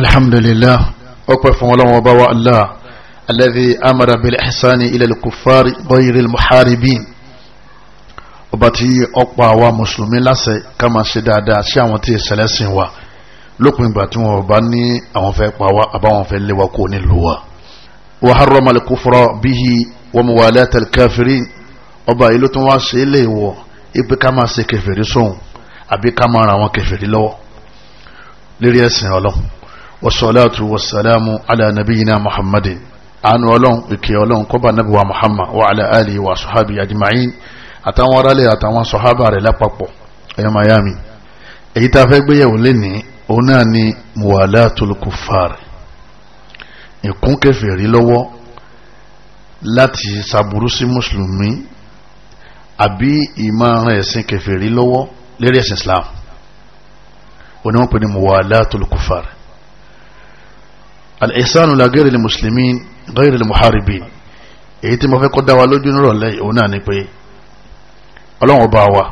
alhamdulillah ọpẹ́ fún ọlọ́wọ́ bá wa allah alladhi amara bil ihsani ila al-kuffari ghayril muharibin ọba tí ọ̀pọ̀ àwa mùsùlùmí láṣẹ ká máa ṣe dáadáa sí àwọn tí ìṣẹ̀lẹ̀ sìn wa lópin ìgbà tí wọn bá ní àwọn fẹ́ pa wá àbáwọn fẹ́ lé wa kó nílùú wa. wa harrama al-kufra bihi wa muwalata al-kafirin ọba yìí ló tún ṣe lè wọ̀ ipe ká máa ṣe kèfèrí sóhun àbí ká máa ra àwọn kèfèrí lọ́wọ́ lérí ẹ̀sìn ọlọ́run wasalaatu wasalaamu ala nabiyina muhammadin anu ọlọ́run ìkẹ́ ọlọ́run kọ́ba nabi wa muhammad wa ala alihi wa sahabi ajma'in àtàwọn aráàlẹ̀ àtàwọn sọ̀hábà rẹ̀ lápapọ̀ ẹ̀yọ́ miami èyí tá a fẹ́ gbéyẹ̀wò lénìí òun náà ni muwalatul kuffar ìkún kèfèrí lọ́wọ́ láti sàbúrú sí mùsùlùmí àbí ìmọ̀ràn ẹ̀sìn kèfèrí lọ́wọ́ lérí ẹ̀sìn islam oníwọ̀n pè ní muwalatul kuffar al-ihsanu la ghayril muslimin ghayril muharibin èyí tí mo fẹ́ kọ́ dá wa lójú nírọ̀lẹ́ òun náà ni pé ọlọ́run ọba wa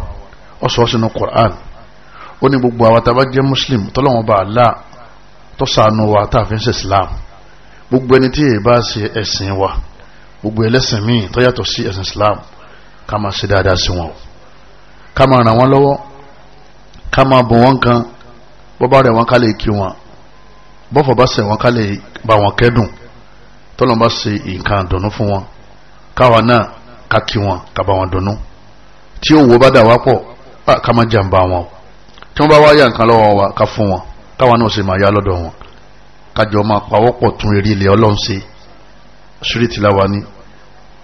ó sọ sínú Qur'an ó ní gbogbo àwa tá a bá jẹ́ muslim tọ́lọ́run ọba Allah tó ṣàánú wa tá a fi ń ṣe islam gbogbo ẹni tí èyí ṣe ẹ̀sìn wa gbogbo ẹlẹ́sìn míì tó yàtọ̀ sí ẹ̀sìn islam ká máa ṣe dáadáa sí wọn ká máa ràn wọ́n lọ́wọ́ ká máa bọ̀ wọ́n kan bọ́bá rẹ̀ wọ́n ká lè kí wọn bọ́fọ̀ bá ṣe wọn ká lè bá wọn kẹ́dùn tọ́lọ́ bá ṣe nǹkan dùnú fún wọn káwa náà ká kí wọn ká bá wọn dùnú tí òwò bá dà wá pọ̀ ká má jàǹbá wọn tí wọ́n bá wá yà nǹkan lọ́wọ́ wa ká fún wọn káwa náà sì máa yá lọ́dọ̀ wọn kájọ máa pawọ́pọ̀ tún eré ilẹ̀ ọlọ́run ṣe ṣíríìtì láwa ní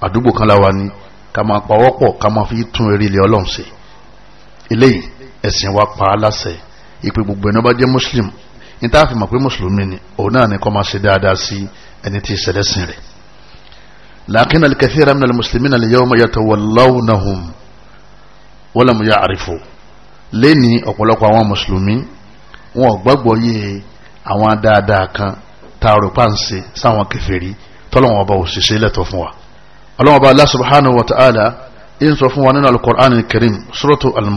àdúgbò kan láwa ní ká máa pawọ́pọ̀ ká máa fi tún eré ilẹ̀ ọlọ́run ṣe eléyìí ẹ̀sìn wa pa á láṣẹ ìpè gbogbo ẹni bá jẹ́ muslim ní tá a fi mọ̀ pé mùsùlùmí ni òun náà ni kó máa ṣe dáadáa sí ẹni tí ìṣẹ̀lẹ̀ sìn rẹ̀ lakin al-kathira min al-muslimin al-yawma yatawallawnahum wa lam ya'rifu lẹ́ni ọ̀pọ̀lọpọ̀ àwọn mùsùlùmí wọn ò gbàgbọ́ yé àwọn dáadáa kan tá a sáwọn kèfèrí tọ́lọ́wọ́n ọba òṣìṣẹ́ lẹ́tọ̀ fún wa ọlọ́wọ́n ọba Allah subhanahu wa ta'ala in sọ fún wa nínú al-Qur'an al suratu al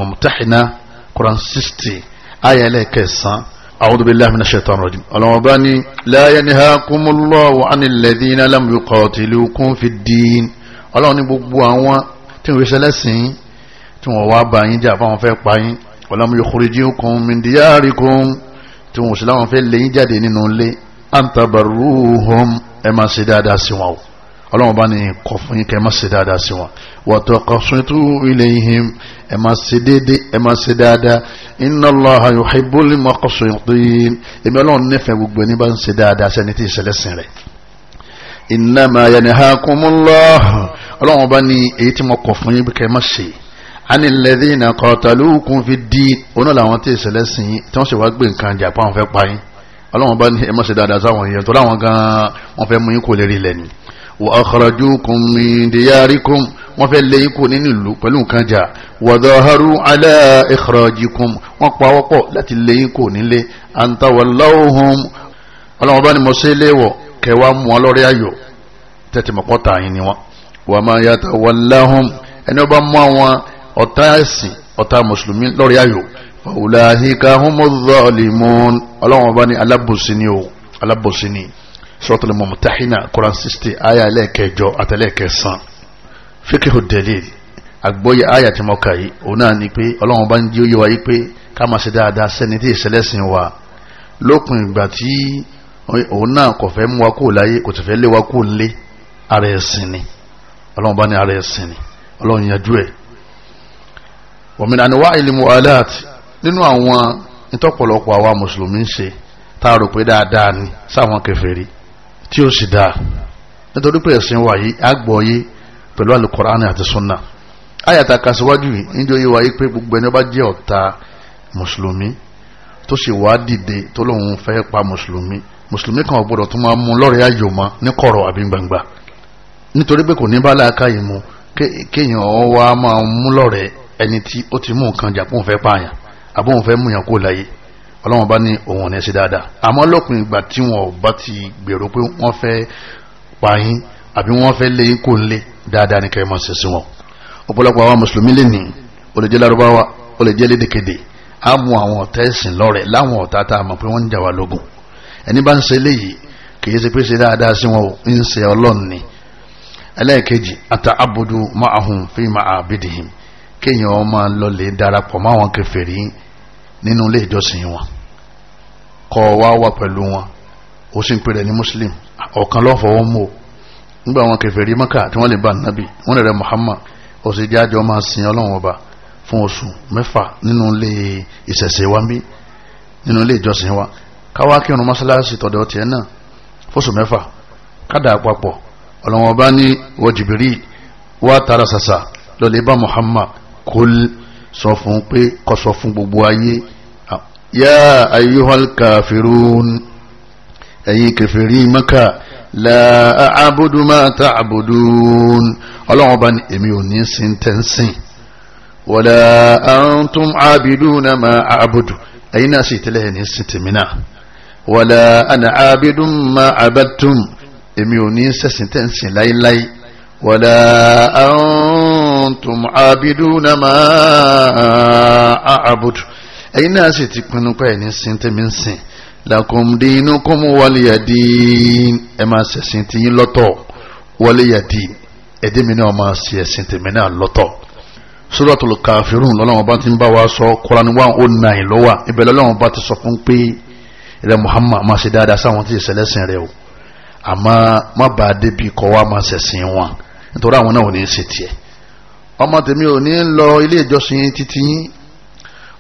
Qur'an sixty ayẹlẹ́ kẹsàn-án أعوذ بالله من الشيطان الرجيم الأرباني لا ينهاكم الله عن الذين لم يقاتلوكم في الدين Ọlọ́run ní gbogbo àwọn tí wọ́n ṣẹlẹ́sìn tí wọ́n wá bá yín jà fáwọn fẹ́ pa yín ولم يخرجوكم من دياركم tí wọ́n ṣe láwọn fẹ́ lé yín jáde nínú ilé أن تبروهم ẹ máa ṣe dáadáa sí wọn o ọlọ́run bá ní kọ̀ fún yín kẹ́ ẹ má ṣe dáadáa sí wọn wọ́tọ̀ kọ̀sùntù ilayhim ẹ má ṣe déédé ẹ má ṣe dáadáa inna Allaha yuhibbul muqsitin èmi ọlọ́run nífẹ̀ẹ́ gbogbo ẹni bá ń ṣe dáadáa sẹ́ni tí ìṣẹ̀lẹ̀ sìn rẹ̀ innama yanhakumullahu ọlọ́run bá ní èyí tí mo kọ̀ fún yín kẹ́ ẹ má ṣe ani lẹ́dínà qatalukum fi dín oná làwọn tí ìṣẹ̀lẹ̀ sìn yín tí wọ́n sì wá wa akhrajukum min diyarikum wọ́n fẹ́ lé yín kúrò nínú ìlú pẹ̀lú nǹkan jà wa dhaharu ala ikhrajikum wọ́n pa wọ́pọ̀ láti lé yín kúrò nílé an tawallawhum ọlọ́wọ́n bá ní mo ṣe léwọ̀ kẹwàá mú wọn lọ́rẹ́ ayọ̀ tẹ̀tì mọ̀kọ́ta yín ni wọn. wa ma yatawallahum ẹni ọba mú àwọn ọ̀tá ẹ̀sìn ọ̀tá mùsùlùmí lọ́rẹ́ ayọ̀ ulahika humu dhalimun ọlọ́wọ́n bá ní alábòsíní o alábòsíní suratul mumtahina quran sixty aya ẹlẹ́ẹ̀kẹjọ àtẹlẹ́ẹ̀kẹsàn fikihu delil agbóye aya tí mo kà yìí òun náà ni pé ọlọ́run bá ń jí oyé wa yìí pé ká máa ṣe dáadáa sẹ́ni tí ìṣẹlẹ́sìn wa lópin ìgbà tí òun náà kò fẹ́ mú wa kúrò láyé kò sì fẹ́ lé wa kúrò nílé ara ẹ̀sìn ni ọlọ́run bá ara ẹ̀sìn ni ọlọ́run yanjú ẹ̀ ni wá ìlú muhalat nínú àwọn ìtọ́pọ̀lọpọ̀ àwa mùsùlùmí ń ṣe tá a ni sáwọn kèfèrí tí ó sì dáa nítorí pé ẹ̀sìn wa yìí àgbọ̀yé pẹ̀lú alukoraani àti sunna ayàtà kàṣíwájú yìí níjọ́ yìí wáyé pé gbogbo ẹni bá jẹ́ ọ̀tá mùsùlùmí tó sì wá dìde tó lóun fẹ́ pa mùsùlùmí mùsùlùmí kan gbọdọ̀ tó máa mú lọ́rẹ̀ẹ́ ayò mọ́ ní kọ̀rọ̀ àbí gbangba nítorí pé kò ní bá láàka yìí mu kéèyàn wá máa mú lọ́rẹ̀ẹ́ ẹni tí ó ti mú nǹkan jà kóun fẹ́ pààyàn àbóun fẹ́ mú yàn kó láyé ọlọ́wọ́n bá ní òun ò ní ṣe dáadáa àmọ́ lọ́kùnrin ìgbà tí wọn bá ti gbèrò pé wọ́n fẹ́ pa yín àbí wọ́n fẹ́ lé yín kò ń lé dáadáa ní kẹrìmọ́ ṣe sí wọn ọ̀pọ̀lọpọ̀ àwọn mùsùlùmí lè ní ó lè jẹ́ lárúbáwá ó lè jẹ́ lédèkéde á mú àwọn ọ̀tá ẹ̀sìn lọ́rẹ̀ láwọn ọ̀tá tá a mọ̀ pé wọ́n ń jà wá lógun ẹni bá ń ṣe léyìí kì í ṣe pé ṣe dáadáa sí wọn ń ṣe ọlọ́run ni ẹlẹ́ẹ̀kejì ata abudu ma'ahum fi ma'abidihim kéèyàn máa lọ lè darapọ̀ máwọn kèfèrí nínú ilé ìjọsìn wọn kọ́ wá wà pẹ̀lú wọn ó sì ń pè rẹ̀ ní muslim ọ̀kan lọ́fọ̀ọ́ mú o nígbà wọn kèfèrí Mákà tí wọ́n lè bá nàbì wọ́n lè rẹ̀ Muhammad ó sì jájọ́ máa sin ọlọ́run ọba fún oṣù mẹ́fà nínú ilé ìṣẹ̀ṣẹ̀ wa mí nínú ilé ìjọsìn wa káwá kírun mọ́ṣáláṣí tọ̀dọ̀ tiẹ̀ náà fóṣù mẹ́fà kádà àpapọ̀ ọlọ́run ọba ní wọ́n jìbìrì wá tara ṣàṣà lọ́lẹ́ bá Muhammad kul sọ fún pé kó sọ fún gbogbo ayé yá ayyuhal kafirun ẹ̀yin kẹfẹ̀rí maka la a'budu ma ta'budun ọlọ́run bá ní èmi ò ní sin tẹ́ǹsìn wala antum abiduna ma a'budu ẹ̀yin náà sì tẹ́lẹ̀ ẹ̀ ní sin tèmínà wala ana abidun ma abadtum èmi ò ní sẹ́sìn tẹ́ǹsìn láíláí wala antum kuntum abiduna ma a'budu ẹ̀yin náà sì ti pinnu pé ẹni sin tèmi ń sìn lakum dinukum waliyadin ẹ máa ṣẹ̀sìn tiyín lọ́tọ̀ waliyadin ẹ̀dẹ́ mi náà máa ṣe ẹ̀sìn tèmi náà lọ́tọ̀ suratul kafirun lọ́lọ́wọ́n bá ti ń bá wa sọ Kùránì wa ó nà ẹ̀ lọ́wọ́ ibẹ̀ lọ́lọ́wọ́n bá ti sọ fún pé rẹ Muhammad máa ṣe dáadáa sáwọn tí ìṣẹ̀lẹ̀sìn rẹ o àmọ́ má bàa débi kọ́ wa wọn nítorí àwọn náà ò ní í ṣe tiẹ̀ ọmọ tèmi ò ní lọ ilé ìjọsìn títí yín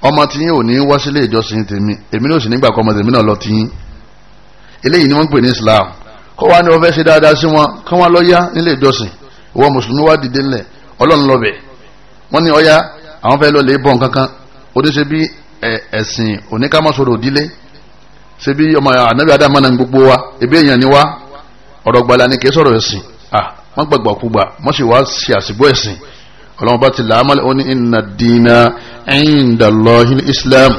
ọmọ tìyín ò ní wá sí ilé ìjọsìn tèmi èmi náà sì nígbà kọ́ ọmọ tèmi náà lọ tìyín eléyìí ni wọ́n ń pè ní Islam kó wá ní wọ́n fẹ́ ṣe dáadáa sí wọn kí wọ́n lọ yá nílé ìjọsìn ìwọ mùsùlùmí wá dìde ńlẹ̀ ọlọ́run lọ́bẹ̀ wọ́n ní ọ̀yá àwọn fẹ́ lọ lè bọ̀ nkankan oníṣe bí ẹ̀sìn oníkàmọ́sọ̀rọ̀ òdílé ṣe bí ọmọ ànábì adama náà gbogbo wa ebi èèyàn ni wa ọ̀rọ̀ gbala ni kì í sọ̀rọ̀ ẹ̀sìn ah wọ́n gbàgbọ́ kúgbà wọ́n sì wá ṣe àṣìgbọ́ ẹ̀sìn ọlọ́run bá ti làámọ́lẹ̀ ó ní inna dina indallahi islam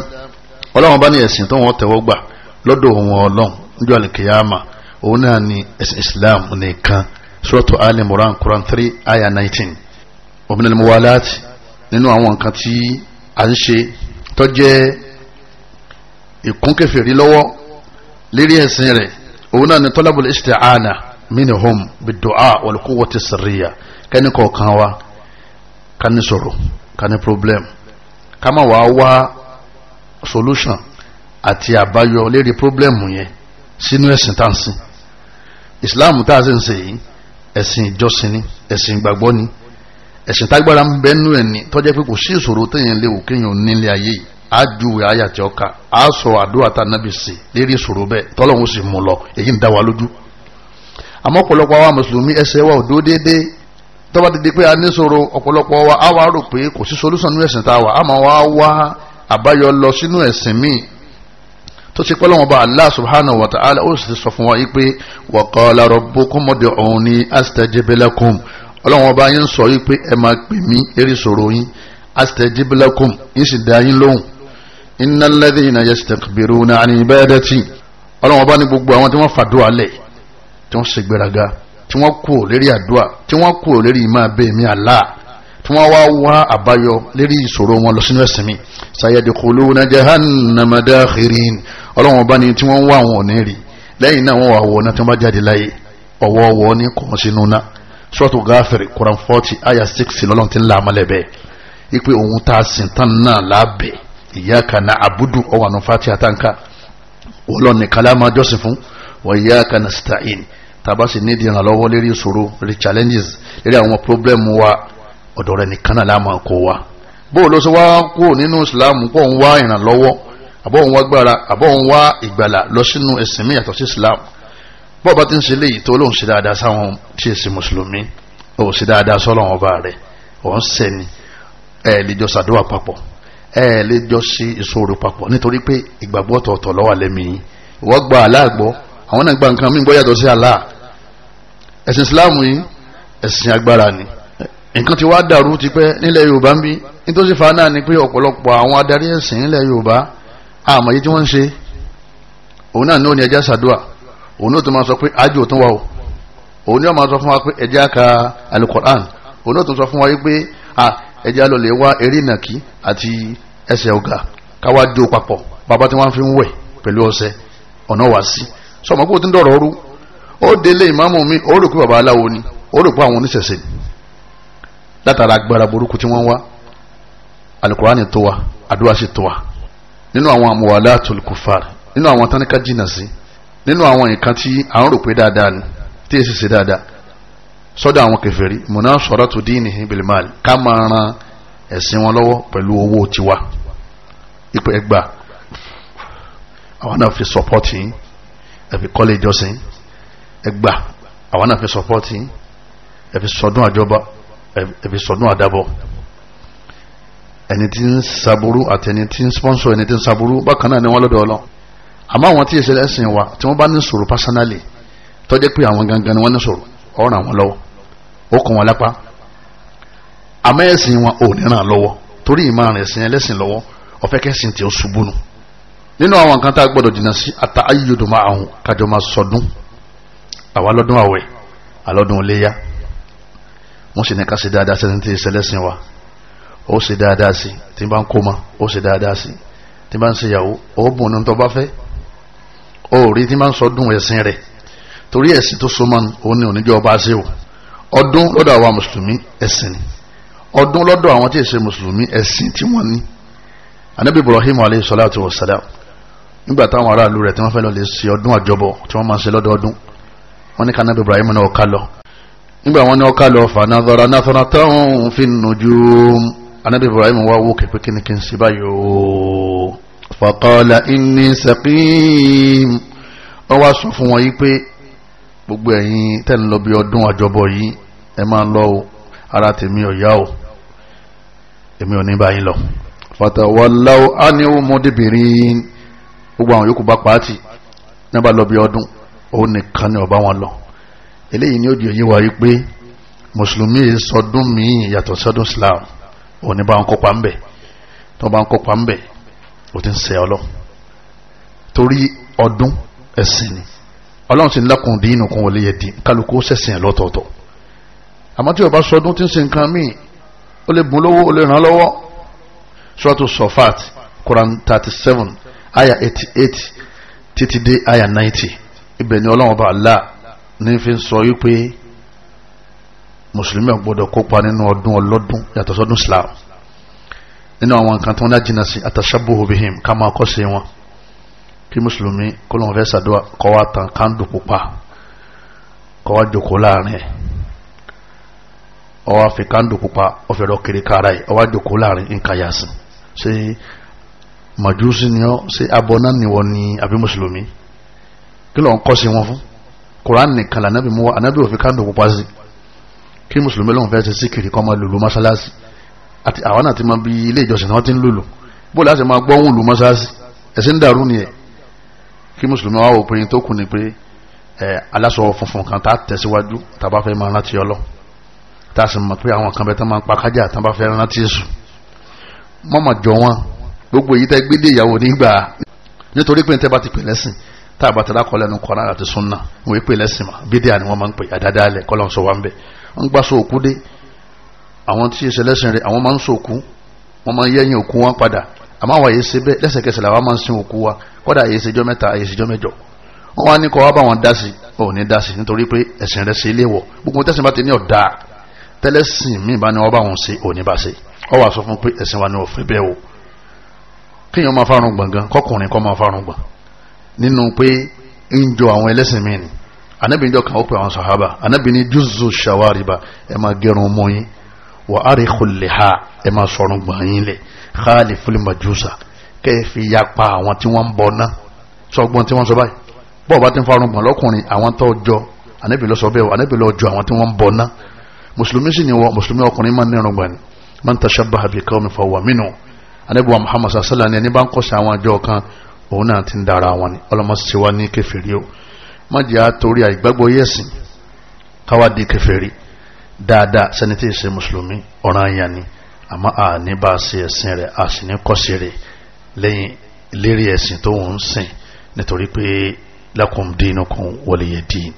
ọlọ́run bá ní ẹ̀sìn tó wọ́n tẹ̀wọ́ gbà lọ́dọ̀ òun ọlọ́run níjọ́ àlìkèyàmà òun náà ní ẹ̀sìn islam nìkan suratu ali moran quran three aya nineteen òmìnira muwalat nínú àwọn nǹkan tí a ń ṣe tó jẹ́ ìkúnkẹfẹ̀rí lọ́wọ́ lérí ẹ̀sìn rẹ̀ òun náà ní tọ́lábùl isti'ana minhum bid-du'a wal-quwwati sirriya kẹ́ni kọ̀ọ̀kan wa Kani ní kani problem kama má wàá solution àti àbáyọ lérí problem yẹn sínú ẹ̀sìn tá à sìn Islam tá a sì ń sè yìí ẹ̀sìn ìjọsìn ni ẹ̀sìn ìgbàgbọ́ ni ẹ̀sìn tágbára ń bẹ nú ẹ̀ ni tọ́jẹ́ pé kò sí ìṣòro téèyàn léwu kéèyàn nílé ayé yìí á júwe àyà tí ọkà á sọ àdúrà tá nábì sí lérí ìṣòro bẹ́ẹ̀ tọ́lọ́hún sì mú lọ èyí ń dá wa lójú àmọ́ ọ̀pọ̀lọpọ̀ àwa mùsùlùmí ẹsẹ̀ wa ò dúró déédéé tó bá ti di pé a níṣòro ọ̀pọ̀lọpọ̀ wa á wá rò pé kò sí solúsàn nínú ẹ̀sìn tá a wà á máa wá wá àbáyọ lọ sínú ẹ̀sìn míì tó ṣe pẹ́lú wọn bá Allah subhanahu wa ta'ala ó sì ti sọ fún wa yìí pé wa qala rabbukum ud'uni astajib lakum ọlọ́wọ́n bá yín sọ yìí pé ẹ máa pè mí eré sòro yín astajib yín sì dá yín lóhùn innal ladhina yastakbiruna an ibadati ọlọ́wọ́n bá ní gbogbo àwọn tí wọ́n fàdúrà lẹ̀ tí wọ́n ṣègbéraga tí wọ́n kú lérí àdúrà tí wọ́n kú lérí ìmọ̀ abẹ́ mi Allah tí wọ́n wá wá àbáyọ lérí ìṣòro wọn lọ sínú ẹ̀sìn mi jahan namada dakhirin ọlọ́wọ́n bá ní tí wọ́n wá àwọn òní rí lẹ́yìn náà wọ́n wà wọ náà tí wọ́n bá jáde láyé ọwọ́ ọwọ́ ní kàn sínú náà sọ́ọ̀tù gáfẹ̀rẹ̀ Quran forty aya six lọ́lọ́n ti ń la àmọ́lẹ̀ bẹ́ẹ̀ ipe òun tá a sìn tán náà lábẹ́ iyyaka na'budu ọwọ́ àná fati àtànkà wọ́n lọ́ọ̀ nìkan lá máa jọ́sìn fún wa iyyaka Taba si ní ìdíyàn lọ́wọ́ lérí ìṣòro lérí challenges lérí àwọn problem wa ọ̀dọ̀ rẹ̀ nìkan náà láàmú kó wa bó o ló ṣe wá kúrò nínú ìsìláàmù pọ̀ ń wá ìrànlọ́wọ́ àbọ̀ ń wá gbára àbọ̀ ń wá ìgbàlà lọ sínú ẹ̀sìn mi yàtọ̀ sí ìsìláàmù bọ́ọ̀ bá ti ń ṣe léyìí tó lóun ṣe dáadáa sáwọn tí èsì mùsùlùmí òun ṣe dáadáa sọ́lọ́wọ́n ọba rẹ̀ òun sẹ́ni ẹ̀ lè jọ ṣàdúrà papọ̀ ẹ̀ lè jọ ṣe ìṣòro papọ̀ nítorí pé ìgbàgbọ́ ọ̀tọ̀ọ̀tọ̀ ló wà lẹ́mìí ìwọ́gbà aláàgbọ́ àwọn náà gba nǹkan mí gbọ́ yàtọ̀ sí Allah ẹ̀sìn Islam yìí ẹ̀sìn agbára ni nǹkan ti wá dàrú ti pẹ́ nílẹ̀ Yorùbá ń bí nítòsí fa náà ni pé ọ̀pọ̀lọpọ̀ àwọn adarí ẹ̀sìn nílẹ̀ Yorùbá àmọ̀ yìí tí wọ́n ń ṣe òun náà ní òní ẹja ṣàdúà òun náà tó máa sọ pé ájò tó wà o òun ní máa sọ fún wa pé ẹja ka alukoran òun náà tó sọ fún wa pé ẹja lọ lè wá eré ìnàkí àti ẹsẹ̀ ọ̀gà káwá jó papọ̀ bàbá tí wọ́n fi ń wẹ̀ pẹ̀lú ọṣẹ ọ̀nà wá sí sọmọ kó o ti ń dọ̀rọ̀ ọrú ó délé ìmáàmù mi ó rò pé baba aláwo ni ó rò pé àwọn oníṣẹ̀ṣẹ̀ ni látara agbára burúkú tí wọ́n wá alukurani tó wa àdúrà sì tó wa nínú àwọn amwalatul kufar nínú àwọn tánika jìnnà sí nínú àwọn nǹkan tí à ń rò pé dáadáa ni tí èsì sí dáadáa sọ́dọ̀ àwọn kèfèrí munasharatu dinihim bil mal ká máa ran ẹ̀sìn wọn lọ́wọ́ pẹ̀lú owó tiwa ipò ẹgbàá àwọn náà fi sọpọ́tì yín ẹ̀fi kọ́lé ìjọsìn ẹgbà àwọn náà fi sọpọ́tì ẹ̀fi sọdún àjọba ẹ̀fi sọdún àdábọ̀ ẹni tí ń saburú àti ẹni tí ń sponsor ẹni tí ń saburú bákan náà ni wọ́n lọ́dọ̀ ọlọ́ àmọ́ àwọn tí ìṣẹ̀lẹ̀ ẹ̀sìn wa tí wọ́n bá ní sọ̀rọ̀ pásánálì tó jẹ́ pé àwọn gangan ni wọ́n ní sọ̀rọ̀ ọ̀ràn àwọn lọ́wọ́ ó kàn wọ́n lápá àmọ́ ẹ̀sìn wọn ò ní ràn lọ́wọ́ torí ìmọ̀ àrẹ̀sìn ẹlẹ́sìn lọ́wọ́ ọ̀fẹ́kẹ́sìn tí ó ṣubú nù nínú àwọn nǹkan tá a gbọ́dọ̀ jìnnà sí ata ayédò máa kájọ máa sọdún àwa lọ́dún àwẹ̀ àlọ́dún iléyá wọ́n sì ní ká ṣe dáadáa sí ẹni tí ìṣẹlẹ́sìn wa ó ṣe dáadáa sí tí bá ń kó ma ó ṣe dáadáa sí tí bá ń ṣe ìyàwó ó bùn ní tó bá fẹ́ ó rí tí bá ń sọdún ẹ̀sìn rẹ̀ torí ẹ̀sìn tó so máa ń ní oníjọ́ ọba ṣe o ọdún lọ́dọ̀ àwa mùsùlùmí ẹ̀sìn ni ọdún lọ́dọ̀ àwọn tí ì ṣe mùsùlùmí ẹ̀sìn tí wọ́n nígbà táwọn aráàlú rẹ̀ tí wọ́n fẹ́ lọ lè ṣe ọdún àjọbọ̀ tí wọ́n máa ṣe lọ́dọọdún wọ́n ní kanáà Ibrahim náà ọ̀ka lọ nígbà wọn ní ọ̀ka lọ fanadhara nathratun fin nujum anábì Ibrahim wá wó kẹ̀pẹ́ kíni kí n ṣe báyìí o faqala inni saqim wọ́n wá sọ fún wọn yìí pé gbogbo ẹ̀yin tẹ́ lọ bí ọdún àjọbọ̀ yìí ẹ máa lọ o ara tèmi ọ̀yá o èmi ò ní báyìí lọ fatawallaw anhu mudbirin gbogbo àwọn yòókù bá pàátì náà bá lọ bí ọdún òun nìkan ni ọba wọn lọ eléyìí ni ó di òye wa yìí pé mùsùlùmí sọdún míì yàtọ̀ sọdún Islam òun ni bá ń kópa ńbẹ tó bá ń kópa ńbẹ ó ti ń ṣe ọlọ torí ọdún ẹ̀sìn ni ọlọ́run ti lakum dinukum waliya din kálukú ó ṣẹ̀sìn lọ́tọ̀ọ̀tọ̀ àmọ́ tí ó sọdún tí ń ṣe nǹkan míì ó lè bùn lówó ó lè ràn lọ́wọ́ Suratu Sofat Quran thirty seven aya eighty eight títí dé aya ninety ibẹ̀ ni ọlọ́run bá Allah ní fi sọ yí mùsùlùmí gbọ́dọ̀ kópa nínú ọdún ọlọ́dún yàtọ̀ sọ́dún Islam nínú àwọn nǹkan tó ń dájìnà sí atashabuhu bihim ká máa kọ́ sí wọn kí mùsùlùmí kó fẹ́ sàdúrà kọ́ wa tàn kándù pupa kọ́ wa jòkó láàrin ẹ̀ ọwọ́ àfi pupa màjúsí ni ọ ṣe abọ́ná ni wọ́n ni àbí mùsùlùmí kí ló ń kọ́ sí wọn fún koran nìkan lànàbí mú wa ànàbí òfin káńdò pupa sí kí mùsùlùmí lóun fẹ́ ṣe síkìrì kọ́ máa lùlù mọ́ṣáláṣí àti àwọn àti máa bí ilé ìjọsìn náà ti ń lùlù bó láti máa gbọ́ òun lù mọ́ṣáláṣí ẹ̀sìn dàrú nìyẹn kí mùsùlùmí wa wò pé tó kù ni pé ẹ aláṣọ funfun kan tá a tẹ̀síwájú tá a bá fẹ́ máa rántí ọlọ́ tá a sì mọ̀ pé àwọn kan bẹ́ẹ̀ tán máa pa kájà tá fẹ́ rántí èṣù mọ́mọ́ jọ wọn gbogbo èyí tẹ́ gbé dé ìyàwó nígbà nítorí pé ní tẹ́ bá ti pè lẹ́sìn tá a bá ti lákọ̀ọ́ lẹ́nu Kùránì àti súnà wọ́n yé pè lẹ́sìn mà bídíà ni wọ́n máa ń pè àdáadáa lẹ̀ kọ́ lọ́n sọ wá ń bẹ̀ wọ́n gbá so òkú dé àwọn tí ṣe lẹ́sìn rẹ̀ àwọn máa ń so òkú wọ́n máa ń yẹ́yìn òkú wọn padà àmọ́ àwọn àyè ṣe bẹ́ẹ̀ lẹ́sẹ̀kẹsẹ̀ làwọn máa ń sin òkú wa kọ́dà àyè ṣèjọ́ mẹ́ta àyè ṣèjọ́ mẹ́jọ pé ẹ̀sìn wa ni ò fẹ́ bẹ́ẹ̀ o kéèyàn máa fárun gbọ̀ngàn kọkùnrin kọ́ máa fárun gbọ̀n nínú pé ń jọ àwọn ẹlẹ́sìn mí ni anabi ń jọ kàn ó pe àwọn sàhábà anabi ní júzù ṣàwárìbà ẹ máa gẹrun mọ́ yín wà á rí kulẹ̀ ha ẹ máa sọ̀rùn gbọ̀n yín lẹ̀ xaali fúlìmọ̀ jùsà kẹ́ ẹ fi ya pa àwọn tí wọ́n ń bọ̀ náà sọgbọ́n tí wọ́n sọ báyìí bọ́ọ̀ bá ti ń fárun gbọ̀n lọ́kùnrin àwọn tó jọ anabi sọ bẹ́ẹ̀ o anabi jọ àwọn tí wọ́n ń bọ̀ náà mùsùlùmí sì ni wọ́n mùsùlùmí ọkùnrin máa nírun gbọ̀n ni man tashabbaha bi qawmin fahuwa minhum anabi wa muhammad sallallahu ẹni bá ń kọ́sí àwọn àjọ kan òun náà ti ń dára wọn ni ọlọmọsí wa ní kèfèrí o má jẹ́ àtòrí àìgbàgbọ́ yẹ̀sìn káwá di kèfèrí dáadáa sẹni tí ì ṣe mùsùlùmí ọ̀ràn àyàn ni àmọ́ àní bá a ṣe ẹ̀sìn rẹ̀ a sì ní kọ́sí rẹ̀ lẹ́yìn lérí ẹ̀sìn tó ń sìn nítorí pé lakum dinukum waliya din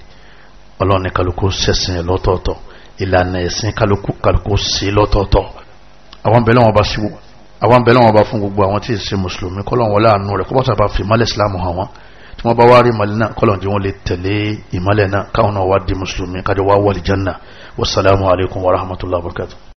ọlọ́ọ̀ni kálukú ṣẹ̀sìn ẹ̀ lọ́tọ̀ọ̀tọ̀ ìlànà ẹ̀sìn kálukú sí lọ́tọ̀ọ̀tọ̀ àwọn bẹ̀rẹ̀ wọn bá síwò àwọn bẹ̀rẹ̀ wọn bá fún gbogbo àwọn tí ì ṣe mùsùlùmí kọ́lọ̀ wọn láàánú rẹ̀ kọ́bọ̀tà bá fi ìmọ̀lẹ̀ islam hàn wọn tí wọ́n bá wá rí ìmọ̀lẹ̀ náà kọ́lọ̀ tí wọ́n lè tẹ̀lé ìmọ̀lẹ̀ náà káwọn náà wá di mùsùlùmí kájọ wá wọlé janna wassalamu alaikum warahmatullahi wabarakatuh